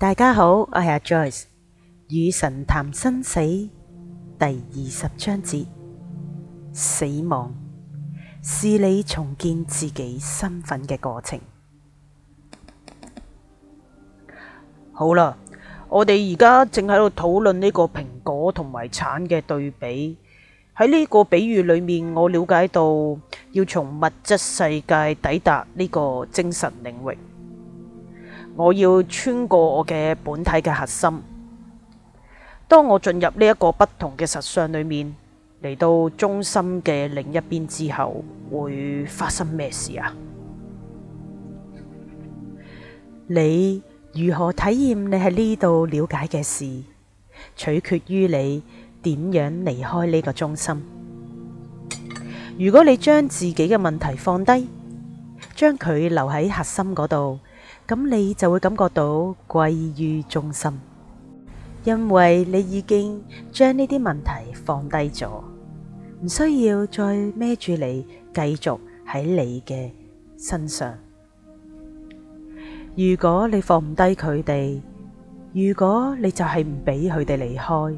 大家好，我係 Joyce，與神談生死第二十章節，死亡是你重建自己身份嘅過程。好啦，我哋而家正喺度討論呢個蘋果同埋橙嘅對比。喺呢個比喻裏面，我了解到要從物質世界抵達呢個精神領域。我要穿過我嘅本體嘅核心。當我進入呢一個不同嘅實相裏面，嚟到中心嘅另一邊之後，會發生咩事啊？你如何體驗你喺呢度了解嘅事，取決於你點樣離開呢個中心？如果你將自己嘅問題放低，將佢留喺核心嗰度。咁你就會感覺到歸於中心，因為你已經將呢啲問題放低咗，唔需要再孭住你繼續喺你嘅身上。如果你放唔低佢哋，如果你就係唔俾佢哋離開，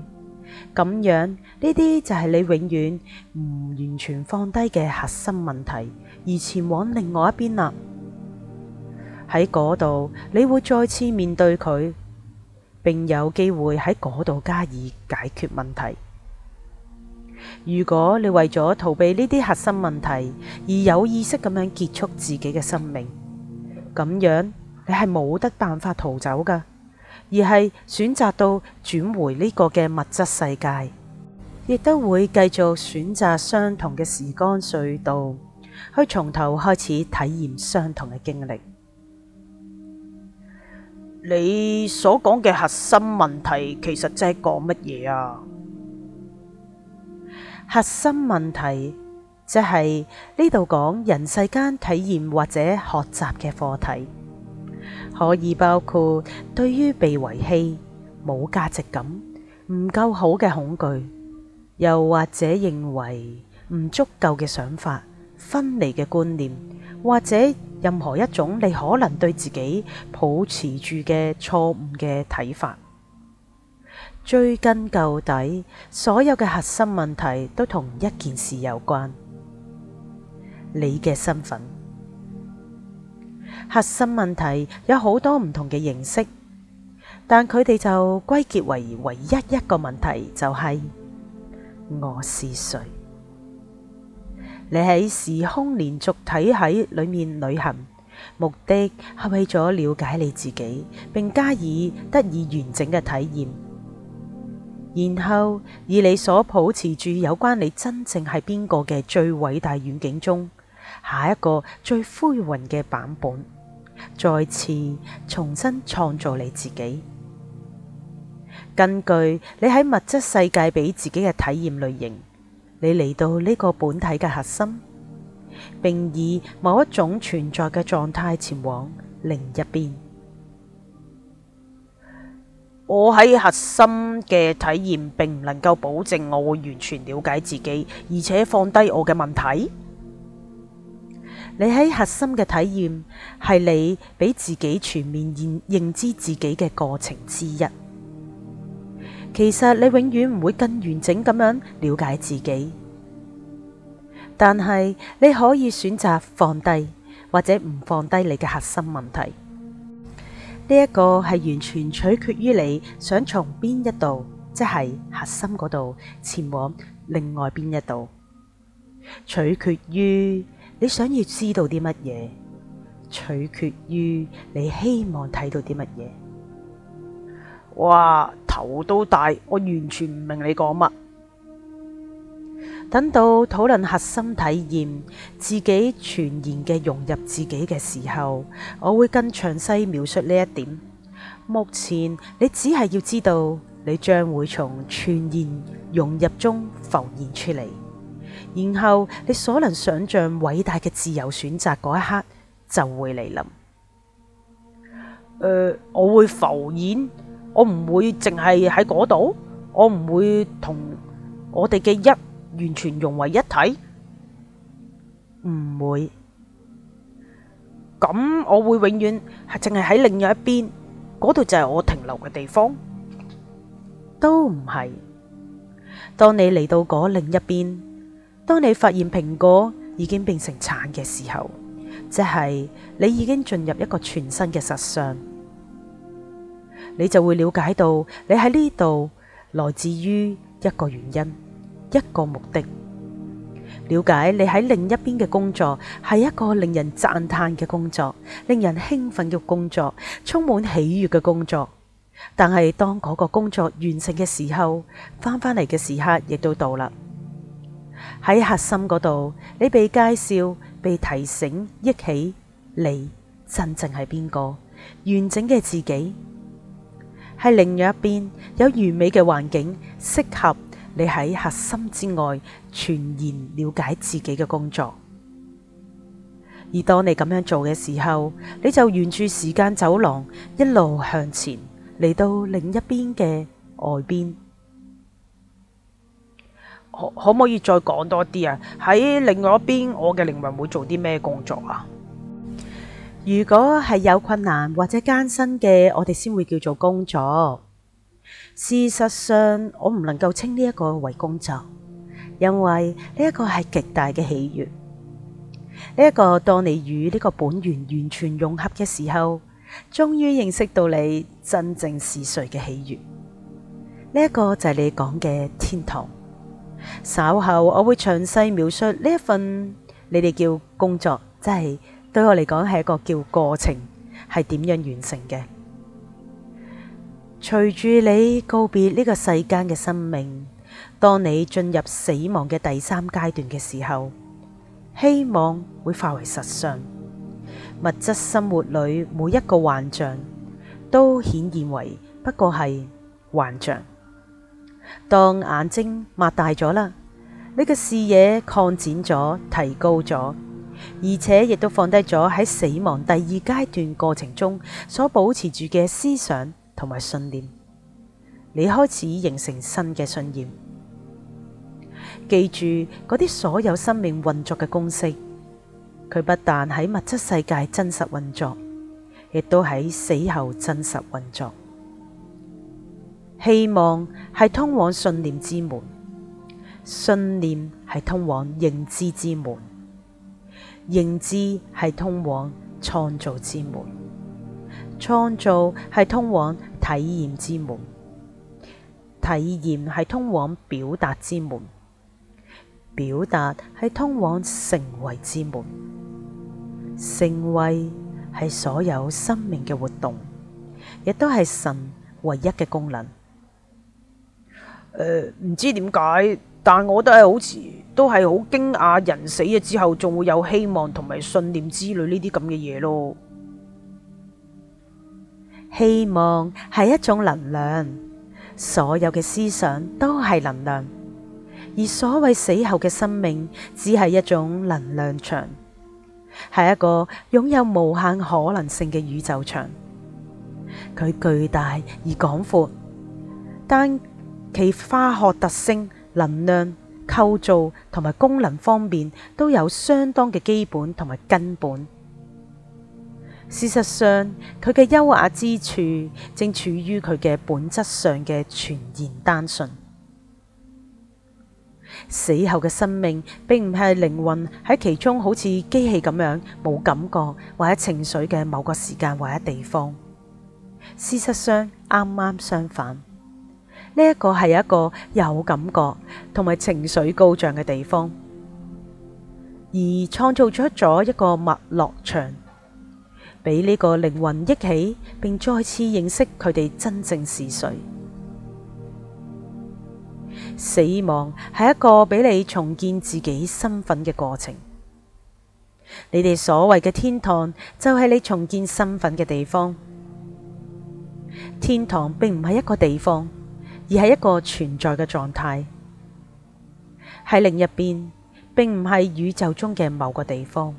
咁樣呢啲就係你永遠唔完全放低嘅核心問題，而前往另外一邊啦。喺嗰度，你會再次面對佢，並有機會喺嗰度加以解決問題。如果你為咗逃避呢啲核心問題而有意識咁樣結束自己嘅生命，咁樣你係冇得辦法逃走噶，而係選擇到轉回呢個嘅物質世界，亦都會繼續選擇相同嘅時光隧道，去從頭開始體驗相同嘅經歷。你所講嘅核心問題，其實即係講乜嘢啊？核心問題即係呢度講人世間體驗或者學習嘅課題，可以包括對於被遺棄、冇價值感、唔夠好嘅恐懼，又或者認為唔足夠嘅想法。分離嘅觀念，或者任何一種你可能對自己抱持住嘅錯誤嘅睇法，追根究底，所有嘅核心問題都同一件事有關，你嘅身份。核心問題有好多唔同嘅形式，但佢哋就歸結為唯一一個問題，就係、是、我是誰。你喺時空連續體喺裏面旅行，目的係為咗了，了解你自己，並加以得以完整嘅體驗，然後以你所保持住有關你真正係邊個嘅最偉大遠景中，下一個最灰云嘅版本，再次重新創造你自己，根據你喺物質世界俾自己嘅體驗類型。你嚟到呢個本體嘅核心，並以某一種存在嘅狀態前往另一邊。我喺核心嘅體驗，並唔能夠保證我會完全了解自己，而且放低我嘅問題。你喺核心嘅體驗，係你俾自己全面認認知自己嘅過程之一。其實你永遠唔會更完整咁樣了解自己，但係你可以選擇放低或者唔放低你嘅核心問題。呢一個係完全取決於你想從邊一度，即係核心嗰度前往另外邊一度，取決於你想要知道啲乜嘢，取決於你希望睇到啲乜嘢。哇，頭都大，我完全唔明你講乜。等到討論核心體驗、自己全然嘅融入自己嘅時候，我會更詳細描述呢一點。目前你只係要知道，你將會從全然融入中浮現出嚟，然後你所能想象偉大嘅自由選擇嗰一刻就會嚟臨。誒、呃，我會浮現。我唔會淨係喺嗰度，我唔會同我哋嘅一完全融為一體，唔會。咁我會永遠係淨係喺另外一邊，嗰度就係我停留嘅地方，都唔係。當你嚟到嗰另一邊，當你發現蘋果已經變成橙嘅時候，即係你已經進入一個全新嘅實相。你就會了解到，你喺呢度來自於一個原因，一個目的。了解你喺另一邊嘅工作係一個令人讚嘆嘅工作，令人興奮嘅工作，充滿喜悅嘅工作。但係當嗰個工作完成嘅時候，翻返嚟嘅時刻亦都到啦。喺核心嗰度，你被介紹、被提醒、憶起你真正係邊個，完整嘅自己。喺另一邊有完美嘅環境，適合你喺核心之外全然了解自己嘅工作。而當你咁樣做嘅時候，你就沿住時間走廊一路向前嚟到另一邊嘅外邊。可可唔可以再講多啲啊？喺另外一邊，我嘅靈魂會做啲咩工作啊？如果係有困難或者艱辛嘅，我哋先會叫做工作。事實上，我唔能夠稱呢一個為工作，因為呢一個係極大嘅喜悅。呢一個當你與呢個本源完全融合嘅時候，終於認識到你真正是誰嘅喜悅。呢一個就係你講嘅天堂。稍後我會詳細描述呢一份你哋叫工作，即係。對我嚟講係一個叫過程，係點樣完成嘅？隨住你告別呢個世間嘅生命，當你進入死亡嘅第三階段嘅時候，希望會化為實相。物質生活裏每一個幻象，都顯現為不過係幻象。當眼睛擘大咗啦，你嘅視野擴展咗，提高咗。而且亦都放低咗喺死亡第二階段過程中所保持住嘅思想同埋信念，你開始形成新嘅信念。記住嗰啲所有生命運作嘅公式，佢不但喺物質世界真實運作，亦都喺死後真實運作。希望係通往信念之門，信念係通往認知之門。認知係通往創造之門，創造係通往體驗之門，體驗係通往表達之門，表達係通往成為之門，成為係所有生命嘅活動，亦都係神唯一嘅功能。呃，唔知點解。但我都係好似都係好驚訝，人死咗之後仲會有希望同埋信念之類呢啲咁嘅嘢咯。希望係一種能量，所有嘅思想都係能量，而所謂死後嘅生命只係一種能量場，係一個擁有無限可能性嘅宇宙場，佢巨大而廣闊，但其化學特性，能量、構造同埋功能方面都有相當嘅基本同埋根本。事實上，佢嘅優雅之處，正處於佢嘅本質上嘅全然單純。死後嘅生命並唔係靈魂喺其中好似機器咁樣冇感覺或者情緒嘅某個時間或者地方。事實上，啱啱相反。呢一個係一個有感覺同埋情緒高漲嘅地方，而創造出咗一個物樂場，俾呢個靈魂憶起，並再次認識佢哋真正是誰。死亡係一個俾你重建自己身份嘅過程。你哋所謂嘅天堂，就係你重建身份嘅地方。天堂並唔係一個地方。而係一個存在嘅狀態，喺另一邊，並唔係宇宙中嘅某個地方，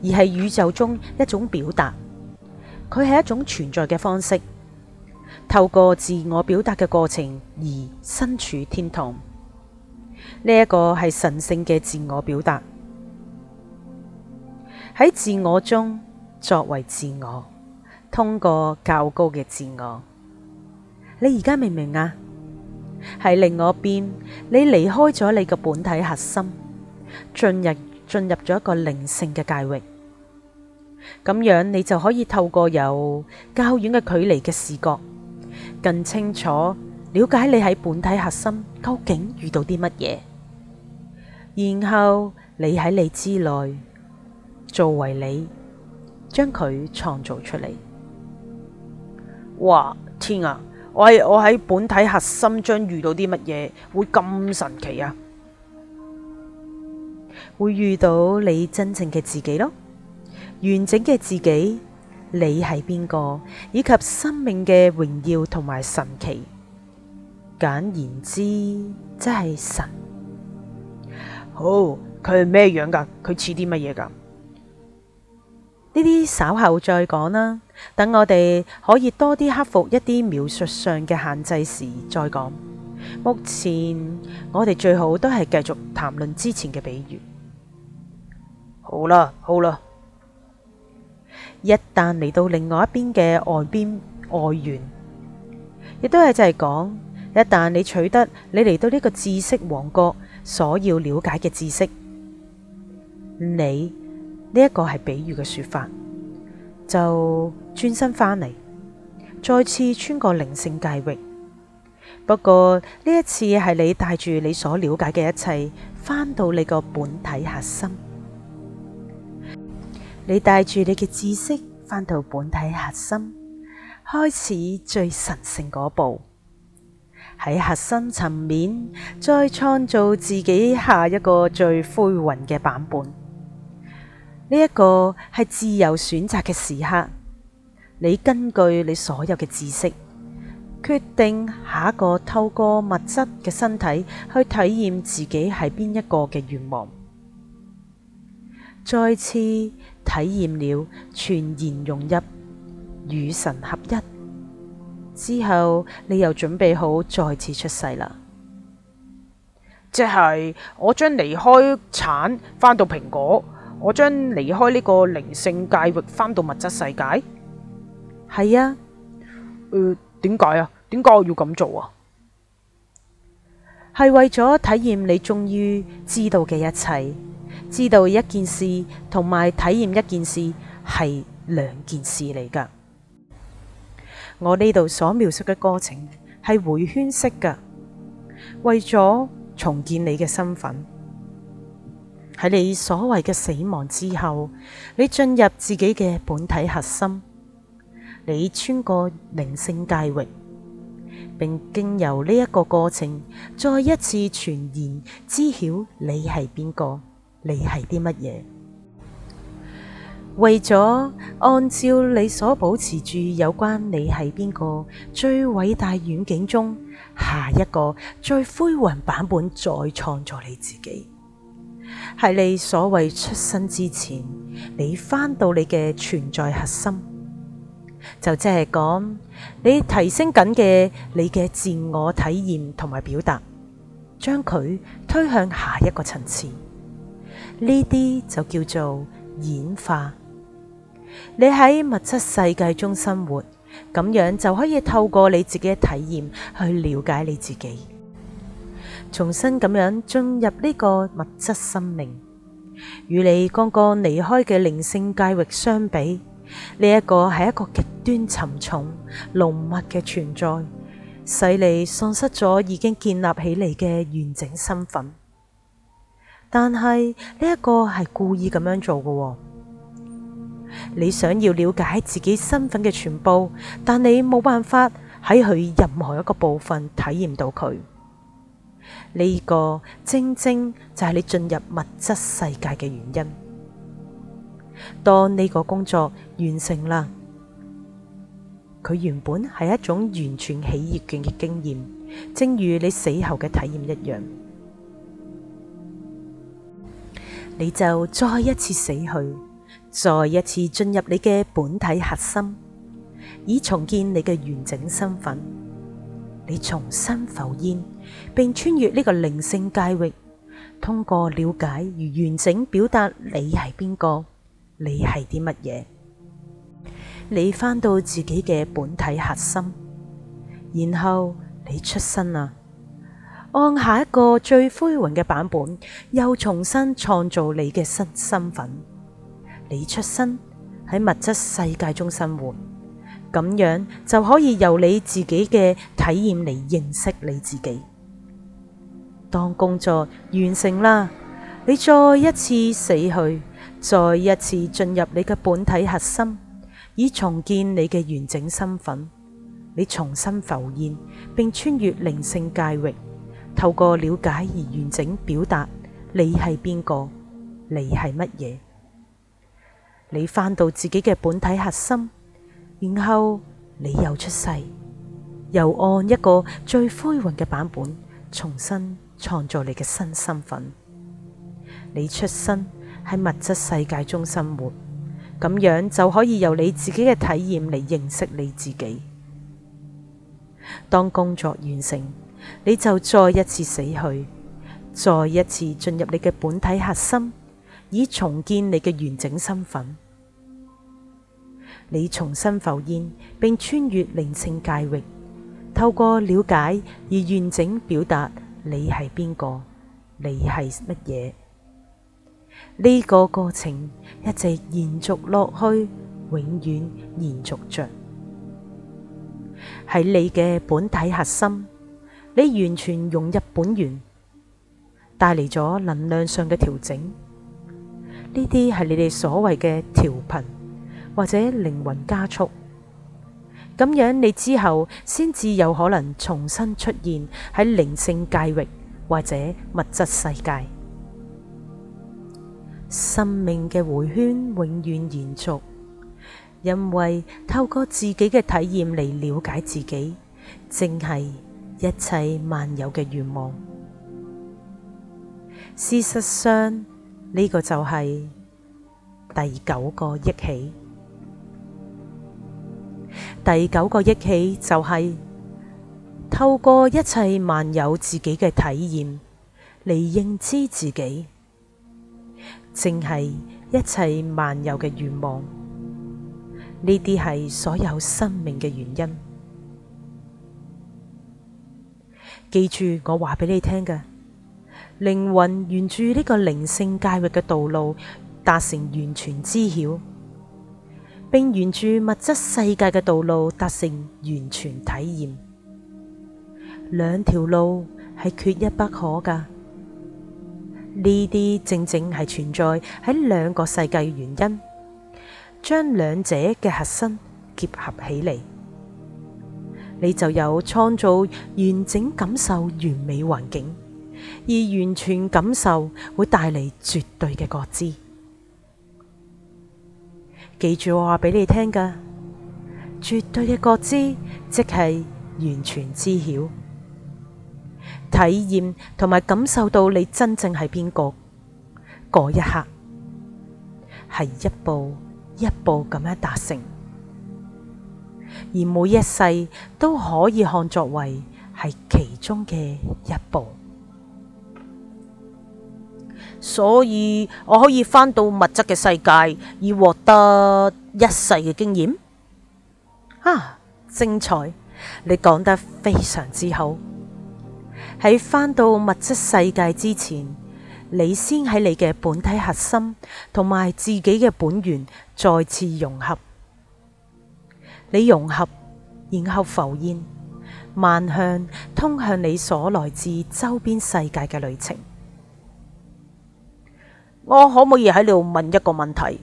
而係宇宙中一種表達。佢係一種存在嘅方式，透過自我表達嘅過程而身處天堂。呢一個係神聖嘅自我表達，喺自我中作為自我，通過較高嘅自我。你而家明唔明啊？係另外一邊，你離開咗你個本體核心，進入進入咗一個靈性嘅界域，咁樣你就可以透過有較遠嘅距離嘅視覺，更清楚了解你喺本體核心究竟遇到啲乜嘢，然後你喺你之內作為你，將佢創造出嚟。哇！天啊！我我喺本體核心將遇到啲乜嘢，會咁神奇啊？會遇到你真正嘅自己咯，完整嘅自己，你係邊個，以及生命嘅榮耀同埋神奇。簡言之，即係神。好、哦，佢係咩樣㗎？佢似啲乜嘢㗎？呢啲稍後再講啦。等我哋可以多啲克服一啲描述上嘅限制時再講。目前我哋最好都係繼續談論之前嘅比喻。好啦，好啦。一旦嚟到另外一邊嘅外邊外緣，亦都係就係講，一旦你取得你嚟到呢個知識王國所要了解嘅知識，你呢一、這個係比喻嘅說法就。轉身翻嚟，再次穿過靈性界域。不過呢一次係你帶住你所了解嘅一切，翻到你個本體核心。你帶住你嘅知識翻到本體核心，開始最神聖嗰步。喺核心層面，再創造自己下一個最輝煌嘅版本。呢、這、一個係自由選擇嘅時刻。你根據你所有嘅知識，決定下一個透過物質嘅身體去體驗自己係邊一個嘅願望，再次體驗了全然融入與神合一之後，你又準備好再次出世啦。即係我將離開橙翻到蘋果，我將離開呢個靈性界域翻到物質世界。係啊，誒、呃，點解啊？點解我要咁做啊？係為咗體驗你終於知道嘅一切，知道一件事同埋體驗一件事係兩件事嚟噶。我呢度所描述嘅過程係迴圈式嘅，為咗重建你嘅身份。喺你所謂嘅死亡之後，你進入自己嘅本體核心。你穿過靈性界域，並經由呢一個過程，再一次傳言知曉你係邊個，你係啲乜嘢？為咗按照你所保持住有關你係邊個最偉大遠景中下一個最輝煌版本，再創作你自己，喺你所謂出生之前，你返到你嘅存在核心。就即係講你提升緊嘅你嘅自我體驗同埋表達，將佢推向下一個層次。呢啲就叫做演化。你喺物質世界中生活，咁樣就可以透過你自己嘅體驗去了解你自己，重新咁樣進入呢個物質生命，與你個個離開嘅靈性界域相比，呢一個係一個極端沉重、濃密嘅存在，使你喪失咗已經建立起嚟嘅完整身份。但係呢一個係故意咁樣做嘅，你想要了解自己身份嘅全部，但你冇辦法喺佢任何一個部分體驗到佢。呢個正正就係你進入物質世界嘅原因。當呢個工作完成啦，佢原本係一種完全喜悅嘅經驗，正如你死後嘅體驗一樣。你就再一次死去，再一次進入你嘅本體核心，以重建你嘅完整身份。你重新浮現，並穿越呢個靈性界域，通過了解與完整表達你係邊個。你係啲乜嘢？你翻到自己嘅本體核心，然後你出生啦，按下一個最灰雲嘅版本，又重新創造你嘅新身份。你出生喺物質世界中生活，咁樣就可以由你自己嘅體驗嚟認識你自己。當工作完成啦，你再一次死去。再一次進入你嘅本體核心，以重建你嘅完整身份。你重新浮現，並穿越靈性界域，透過了解而完整表達你係邊個，你係乜嘢。你翻到自己嘅本體核心，然後你又出世，又按一個最輝煌嘅版本重新創造你嘅新身份。你出生。喺物質世界中生活，咁樣就可以由你自己嘅體驗嚟認識你自己。當工作完成，你就再一次死去，再一次進入你嘅本體核心，以重建你嘅完整身份。你重新浮現，並穿越靈性界域，透過了解而完整表達你係邊個，你係乜嘢。呢個過程一直延續落去，永遠延續着。喺你嘅本體核心，你完全融入本源，帶嚟咗能量上嘅調整。呢啲係你哋所謂嘅調頻或者靈魂加速。咁樣你之後先至有可能重新出現喺靈性界域或者物質世界。生命嘅回圈永遠延續，因為透過自己嘅體驗嚟了解自己，正係一切萬有嘅願望。事實上，呢、這個就係第九個憶起，第九個憶起就係、是、透過一切萬有自己嘅體驗嚟認知自己。正係一切漫遊嘅願望，呢啲係所有生命嘅原因。記住我告你，我話俾你聽嘅，靈魂沿住呢個靈性界域嘅道路達成完全知曉，並沿住物質世界嘅道路達成完全體驗。兩條路係缺一不可噶。呢啲正正係存在喺兩個世界嘅原因，將兩者嘅核心結合起嚟，你就有創造完整感受完美環境，而完全感受會帶嚟絕對嘅覺知。記住我話俾你聽㗎，絕對嘅覺知即係完全知曉。體驗同埋感受到你真正係邊個嗰一刻，係一步一步咁樣達成，而每一世都可以看作為係其中嘅一步，所以我可以翻到物質嘅世界，以獲得一世嘅經驗。啊，精彩！你講得非常之好。喺返到物質世界之前，你先喺你嘅本體核心同埋自己嘅本源再次融合。你融合，然後浮現，萬向通向你所來自周邊世界嘅旅程。我可唔可以喺度問一個問題？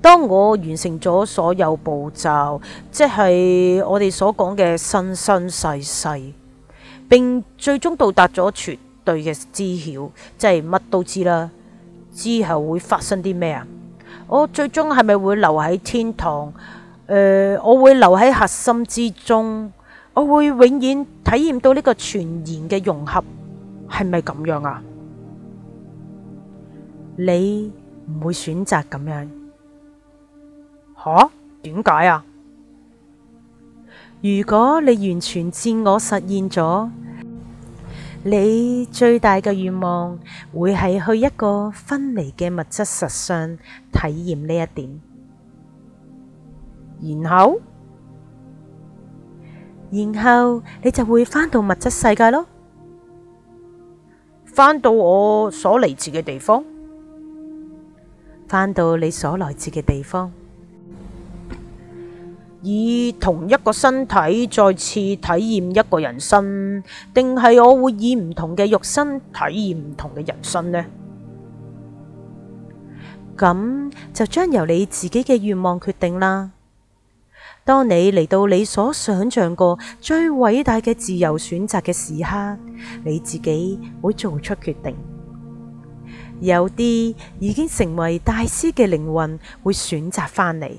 當我完成咗所有步驟，即係我哋所講嘅生生世世。並最終到達咗絕對嘅知曉，即係乜都知啦。之後會發生啲咩啊？我最終係咪會留喺天堂？誒，我會留喺核心之中，我會永遠體驗到呢個全然嘅融合，係咪咁樣啊？你唔會選擇咁樣？吓？點解啊？如果你完全自我實現咗，你最大嘅願望會係去一個分離嘅物質實相體驗呢一點，然後，然後你就會返到物質世界咯，返到我所嚟自嘅地方，返到你所嚟自嘅地方。以同一個身體再次體驗一個人生，定係我會以唔同嘅肉身體驗唔同嘅人生呢？咁就將由你自己嘅願望決定啦。當你嚟到你所想象過最偉大嘅自由選擇嘅時刻，你自己會做出決定。有啲已經成為大師嘅靈魂會選擇翻嚟。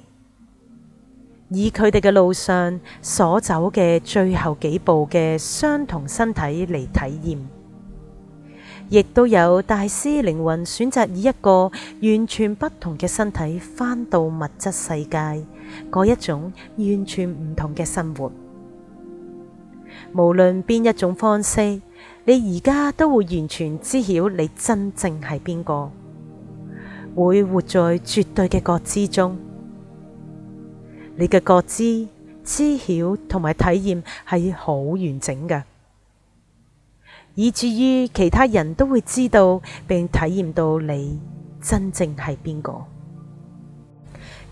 以佢哋嘅路上所走嘅最後幾步嘅相同身體嚟，體驗，亦都有大師靈魂選擇以一個完全不同嘅身體翻到物質世界過一種完全唔同嘅生活。無論邊一種方式，你而家都會完全知曉你真正係邊個，會活在絕對嘅覺知中。你嘅覺知、知曉同埋體驗係好完整嘅，以至於其他人都會知道並體驗到你真正係邊個。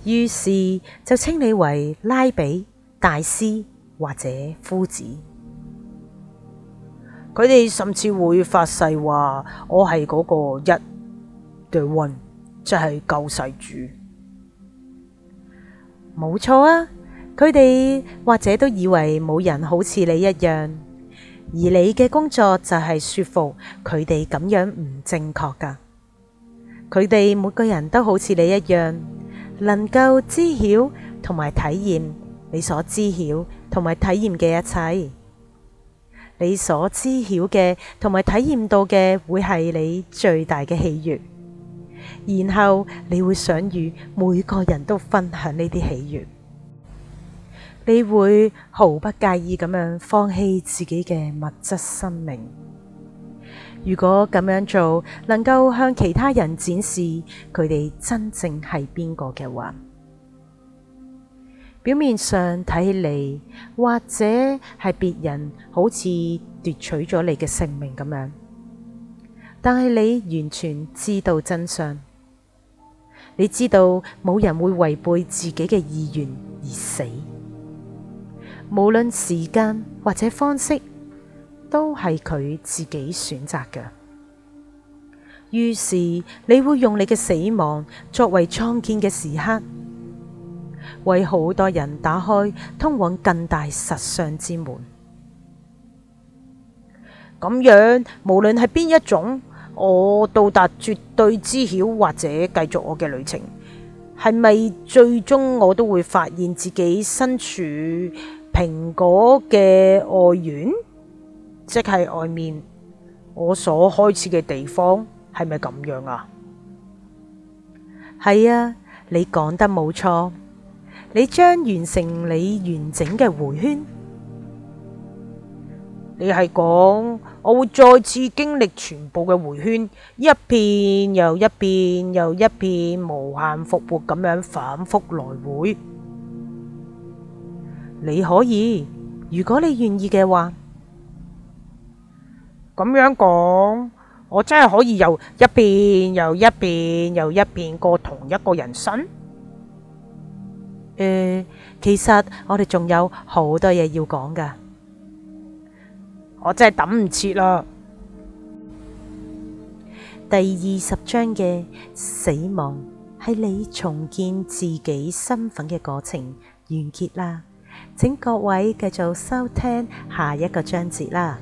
於是就稱你為拉比、大師或者夫子。佢哋甚至會發誓話：我係嗰個一，the one，即係救世主。冇錯啊！佢哋或者都以為冇人好似你一樣，而你嘅工作就係說服佢哋咁樣唔正確㗎。佢哋每個人都好似你一樣，能夠知曉同埋體驗你所知曉同埋體驗嘅一切。你所知曉嘅同埋體驗到嘅，會係你最大嘅喜悅。然後你會想與每個人都分享呢啲喜悦，你會毫不介意咁樣放棄自己嘅物質生命。如果咁樣做能夠向其他人展示佢哋真正係邊個嘅話，表面上睇嚟或者係別人好似奪取咗你嘅性命咁樣，但係你完全知道真相。你知道冇人會違背自己嘅意願而死，無論時間或者方式，都係佢自己選擇嘅。於是你會用你嘅死亡作為創建嘅時刻，為好多人打開通往更大實相之門。咁樣，無論係邊一種。我到達絕對知曉，或者繼續我嘅旅程，係咪最終我都會發現自己身處蘋果嘅外園，即係外面我所開始嘅地方，係咪咁樣啊？係啊，你講得冇錯，你將完成你完整嘅回圈。你係講我會再次經歷全部嘅回圈，一遍又一遍又一遍無限復活咁樣反覆來回。你可以，如果你願意嘅話，咁樣講，我真係可以又一遍又一遍又一遍過同一個人生。誒，其實我哋仲有好多嘢要講㗎。我真係等唔切啦！第二十章嘅死亡係你重建自己身份嘅過程完結啦，請各位繼續收聽下一個章節啦。